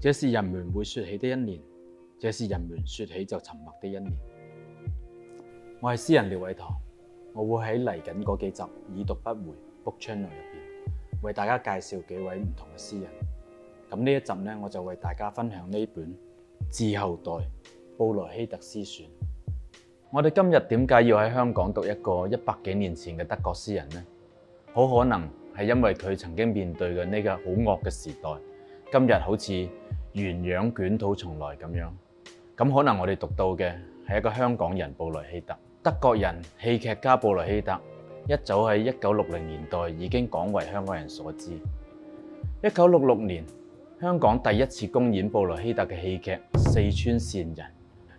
這是人們會說起的一年，這是人們說起就沉默的一年。我係詩人廖偉棠，我會喺嚟緊嗰幾集《已讀不回》book channel 入邊，為大家介紹幾位唔同嘅詩人。咁呢一集呢，我就為大家分享呢本《自後代布萊希特詩選》。我哋今日點解要喺香港讀一個一百幾年前嘅德國詩人呢？好可能係因為佢曾經面對嘅呢個好惡嘅時代，今日好似。原樣捲土重來咁樣咁，可能我哋讀到嘅係一個香港人布萊希特，德，德，德國人戲劇家布萊希特，一早喺一九六零年代已經廣為香港人所知。一九六六年，香港第一次公演布萊希特嘅戲劇《四川善人》，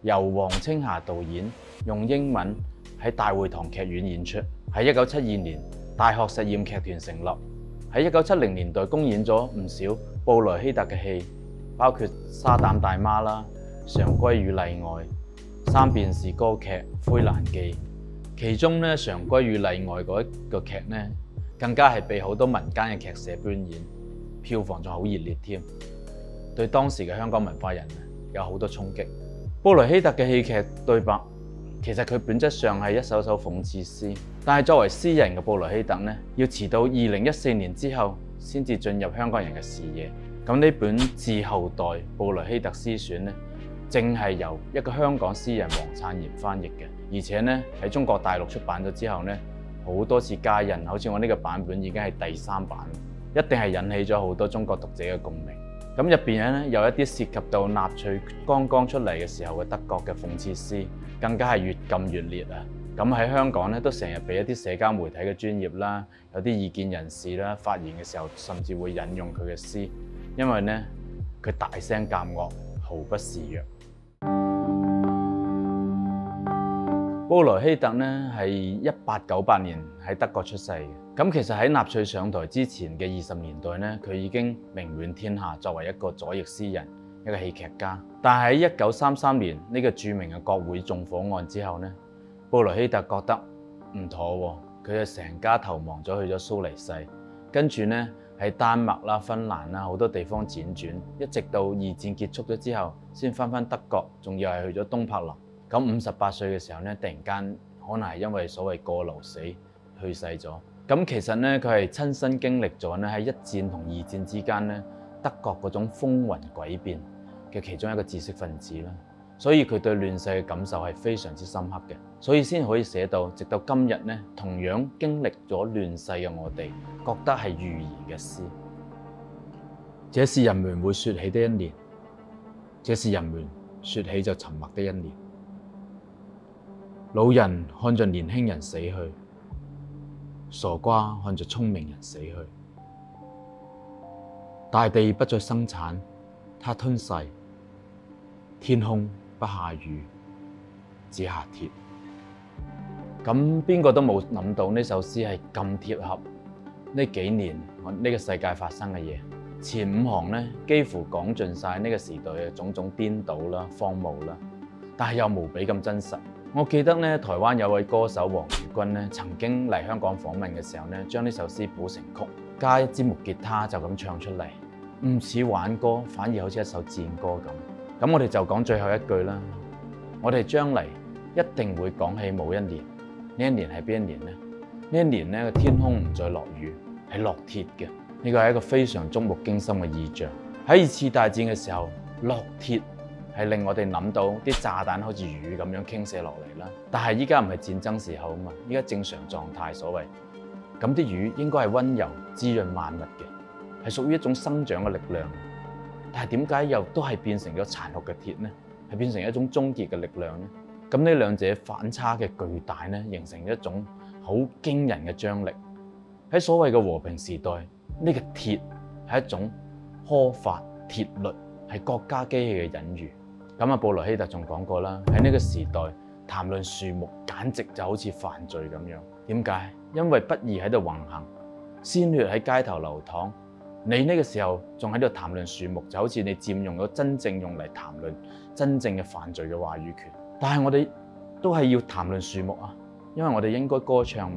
由黃清霞導演，用英文喺大會堂劇院演出。喺一九七二年，大學實驗劇團成立，喺一九七零年代公演咗唔少布萊希特嘅戲。包括沙膽大媽啦、常規與例外、三便士歌劇《灰闌記》，其中常規與例外嗰個劇咧，更加係被好多民間嘅劇社搬演，票房仲好熱烈添，對當時嘅香港文化人呢有好多衝擊。布萊希特嘅戲劇對白其實佢本質上係一首首諷刺詩，但係作為詩人嘅布萊希特呢，要遲到二零一四年之後先至進入香港人嘅視野。咁呢本《致後代：布萊希特詩選》呢，正係由一個香港詩人黃燦然翻譯嘅，而且呢，喺中國大陸出版咗之後呢，好多次加印，好似我呢個版本已經係第三版，一定係引起咗好多中國讀者嘅共鳴。咁入面呢，有一啲涉及到納粹剛剛出嚟嘅時候嘅德國嘅諷刺詩，更加係越禁越烈啊！咁喺香港呢，都成日被一啲社交媒體嘅專業啦，有啲異見人士啦發言嘅時候，甚至會引用佢嘅詩。因為呢，佢大聲夾惡，毫不示弱。布萊希特呢，係一八九八年喺德國出世嘅。咁其實喺納粹上台之前嘅二十年代呢，佢已經名滿天下，作為一個左翼詩人、一個戲劇家。但係喺一九三三年呢個著名嘅國會縱火案之後呢，布萊希特覺得唔妥喎，啊，佢就成家投亡咗去咗蘇黎世，跟住呢，喺丹麥啦、芬蘭啦，好多地方輾轉，一直到二戰結束咗之後，先翻返德國，仲要係去咗東柏林。咁五十八歲嘅時候呢，突然間可能係因為所謂過勞死去世咗。咁其實呢，佢係親身經歷咗呢喺一戰同二戰之間呢德國嗰種風雲詭變嘅其中一個知識分子啦，所以佢對亂世嘅感受係非常之深刻嘅。所以先可以寫到，直到今日呢，同樣經歷咗亂世嘅我哋，覺得係預言嘅詩。這是人們會説起的一年，這是人們説起就沉默的一年。老人看著年輕人死去，傻瓜看著聰明人死去，大地不再生產，它吞噬；天空不下雨，只下鐵。咁邊個都冇諗到呢首詩係咁貼合呢幾年我呢、這個世界發生嘅嘢。前五行呢，幾乎講盡晒呢個時代嘅種種顛倒啦、荒謬啦，但係又無比咁真實。我記得呢，台灣有位歌手黃宇君呢，曾經嚟香港訪問嘅時候呢，將呢首詩譜成曲，加一支木吉他就咁唱出嚟，唔似輓歌，反而好似一首戰歌咁。咁我哋就講最後一句啦。我哋將嚟一定會講起某一年。呢一年係邊一年呢？呢一年咧個天空唔再落雨，係落鐵嘅。呢個係一個非常觸目驚心嘅意象。喺二次大戰嘅時候，落鐵係令我哋諗到啲炸彈好似雨咁樣傾瀉落嚟啦。但係依家唔係戰爭時候啊嘛，依家正常狀態所謂。咁啲雨應該係溫柔滋潤萬物嘅，係屬於一種生長嘅力量。但係點解又都係變成咗殘酷嘅鐵呢？係變成一種終結嘅力量呢？咁呢兩者反差嘅巨大呢，形成一種好驚人嘅張力。喺所謂嘅和平時代，呢個鐵係一種苛法鐵律，係國家機器嘅隱喻。咁啊，布萊希特仲講過啦，喺呢個時代談論樹木，簡直就好似犯罪咁樣。點解？因為不易喺度橫行，鮮血喺街頭流淌。你呢個時候仲喺度談論樹木，就好似你佔用咗真正用嚟談論真正嘅犯罪嘅話語權。但係我哋都係要談論樹木啊，因為我哋應該歌唱，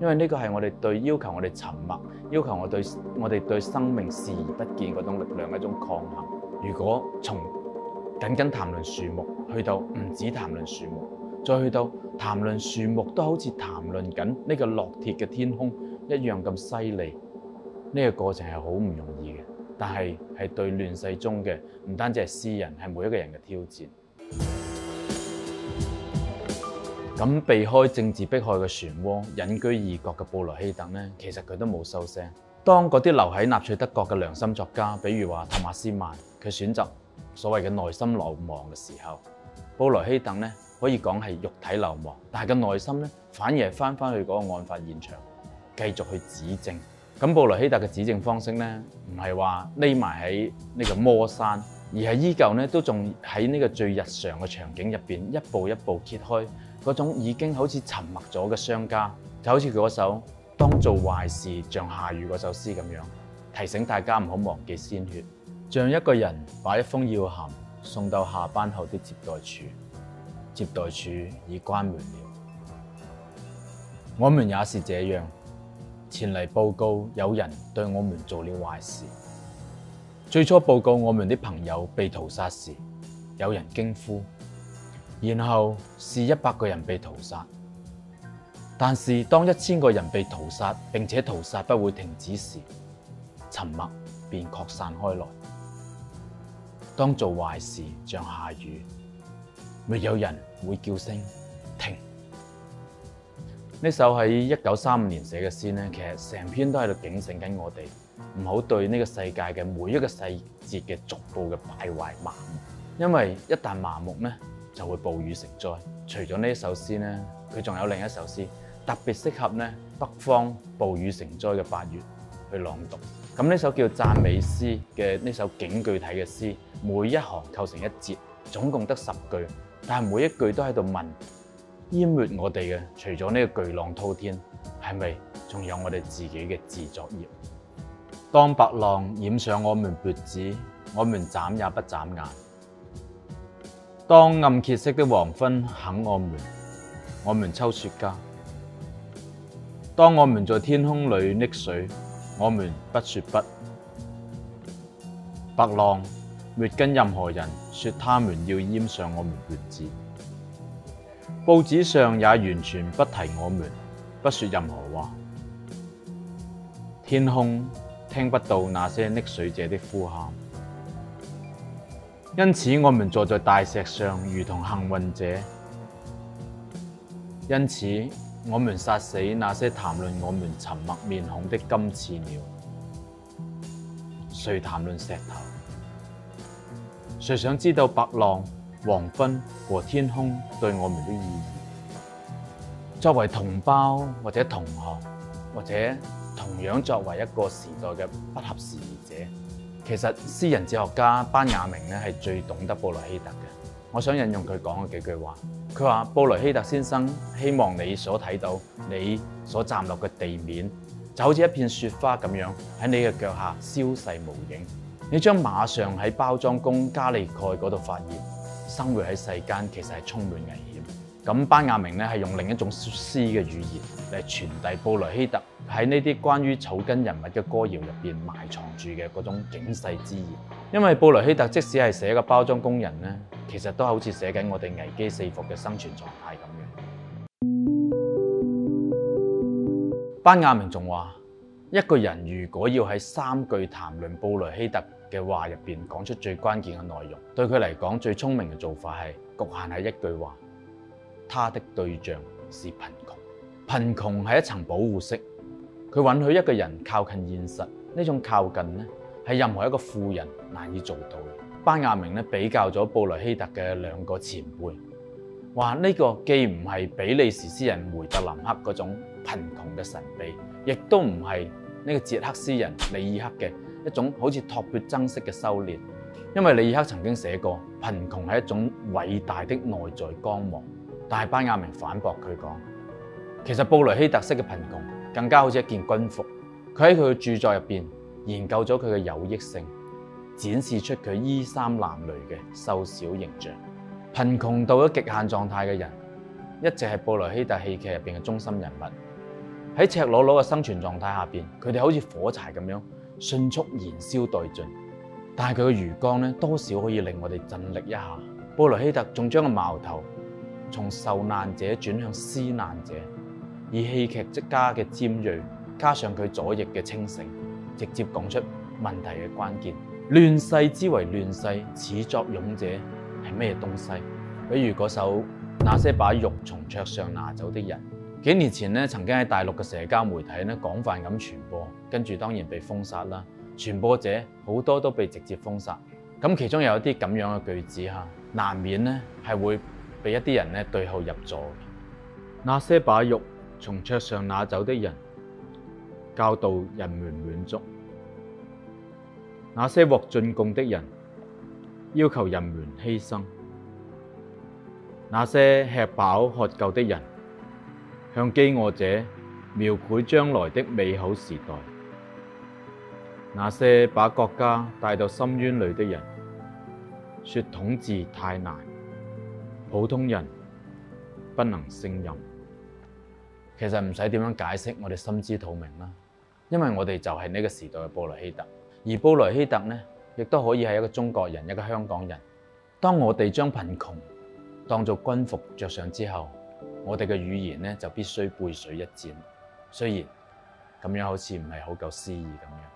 因為呢個係我哋對要求我哋沉默，要求我哋對我哋對生命視而不見嗰種力量嘅一種抗衡。如果從僅僅談論樹木去到唔止談論樹木，再去到談論樹木都好似談論緊呢個落鐵嘅天空一樣咁犀利，呢個過程係好唔容易嘅。但係係對亂世中嘅唔單止係詩人，係每一個人嘅挑戰。咁避開政治迫害嘅漩渦，隱居異國嘅布萊希特咧，其實佢都冇收聲。當嗰啲留喺納粹德國嘅良心作家，比如話托馬斯曼，佢選擇所謂嘅內心流亡嘅時候，布萊希特咧可以講係肉體流亡，但係個內心咧反而係返返去嗰個案發現場，繼續去指證。咁布萊希特嘅指證方式咧，唔係話匿埋喺呢個魔山。而係依舊呢都仲喺呢個最日常嘅場景入邊，一步一步揭開嗰種已經好似沉默咗嘅商家，就好似佢嗰首當做壞事像下雨嗰首詩咁樣，提醒大家唔好忘記鮮血。像一個人把一封要函送到下班後的接待處，接待處已關門了。我們也是這樣前嚟報告，有人對我們做了壞事。最初報告我們啲朋友被屠殺時，有人驚呼；然後是一百個人被屠殺，但是當一千個人被屠殺並且屠殺不會停止時，沉默便擴散開來。當做壞事像下雨，沒有人會叫聲停。呢首喺一九三五年寫嘅詩呢，其實成篇都喺度警醒緊我哋。唔好對呢個世界嘅每一個細節嘅逐步嘅敗壞麻木，因為一旦麻木呢，就會暴雨成災。除咗呢一首詩呢，佢仲有另一首詩特別適合呢北方暴雨成災嘅八月去朗讀。咁呢首叫讚美詩嘅呢首警句體嘅詩，每一行構成一節，總共得十句，但係每一句都喺度問淹沒我哋嘅，除咗呢個巨浪滔天，係咪仲有我哋自己嘅自作孽？當白浪染上我們脖子，我們眨也不眨眼。當暗褐色的黃昏啃我們，我們抽雪茄。當我們在天空裏溺水，我們不說不。白浪沒跟任何人說，他們要淹上我們脖子。報紙上也完全不提我們，不說任何話。天空。聽不到那些溺水者的呼喊，因此我們坐在大石上如同幸運者；因此我們殺死那些談論我們沉默面孔的金翅鳥。誰談論石頭？誰想知道白浪、黃昏和天空對我們的意義？作為同胞或者同學或者？同樣作為一個時代嘅不合時宜者，其實私人哲學家班雅明咧係最懂得布萊希特嘅。我想引用佢講嘅幾句話，佢話：布萊希特先生希望你所睇到你所站落嘅地面，就好似一片雪花咁樣喺你嘅腳下消逝無影。你將馬上喺包裝工加利蓋嗰度發現，生活喺世間其實係充滿危險。咁班雅明咧係用另一種詩嘅語言嚟傳遞布萊希特。喺呢啲關於草根人物嘅歌謠入邊埋藏住嘅嗰種警世之言，因為布萊希特即使係寫個包裝工人咧，其實都好似寫緊我哋危機四伏嘅生存狀態咁樣。班亞明仲話：一個人如果要喺三句談論布萊希特嘅話入邊講出最關鍵嘅內容，對佢嚟講最聰明嘅做法係局限喺一句話，他的對象是貧窮，貧窮係一層保護色。佢允許一個人靠近現實，呢種靠近呢，係任何一個富人難以做到的。班亞明咧比較咗布萊希特嘅兩個前輩，話呢個既唔係比利時詩人梅特林克嗰種貧窮嘅神秘，亦都唔係呢個捷克詩人李爾克嘅一種好似托缽僧式嘅修煉。因為李爾克曾經寫過貧窮係一種偉大的內在光芒，但係班亞明反駁佢講，其實布萊希特式嘅貧窮。更加好似一件軍服，佢喺佢嘅著作入邊研究咗佢嘅有益性，展示出佢衣衫襤褸嘅瘦小形象。貧窮到咗極限狀態嘅人，一直係布萊希特戲劇入邊嘅中心人物。喺赤裸裸嘅生存狀態下邊，佢哋好似火柴咁樣迅速燃燒殆盡，但係佢嘅餘光咧，多少可以令我哋盡力一下。布萊希特仲將個矛頭從受難者轉向施難者。以戲劇家嘅尖銳，加上佢左翼嘅清醒，直接講出問題嘅關鍵。亂世之為亂世，始作俑者係咩東西？比如嗰首《那些把肉從桌上拿走的人》，幾年前咧，曾經喺大陸嘅社交媒體咧廣泛咁傳播，跟住當然被封殺啦。傳播者好多都被直接封殺，咁其中有一啲這樣嘅句子吓，難免咧係會被一啲人咧對號入座。那些把肉從桌上拿走的人，教導人們滿足；那些獲進貢的人，要求人們犧牲；那些吃飽喝夠的人，向飢餓者描繪將來的美好時代；那些把國家帶到深淵裏的人，說統治太難，普通人不能勝任。其實唔使點樣解釋，我哋心知肚明啦。因為我哋就係呢個時代嘅布萊希特，而布萊希特呢，亦都可以係一個中國人，一個香港人。當我哋將貧窮當做軍服着上之後，我哋嘅語言呢，就必須背水一戰。雖然這樣好似唔係好夠詩意咁樣。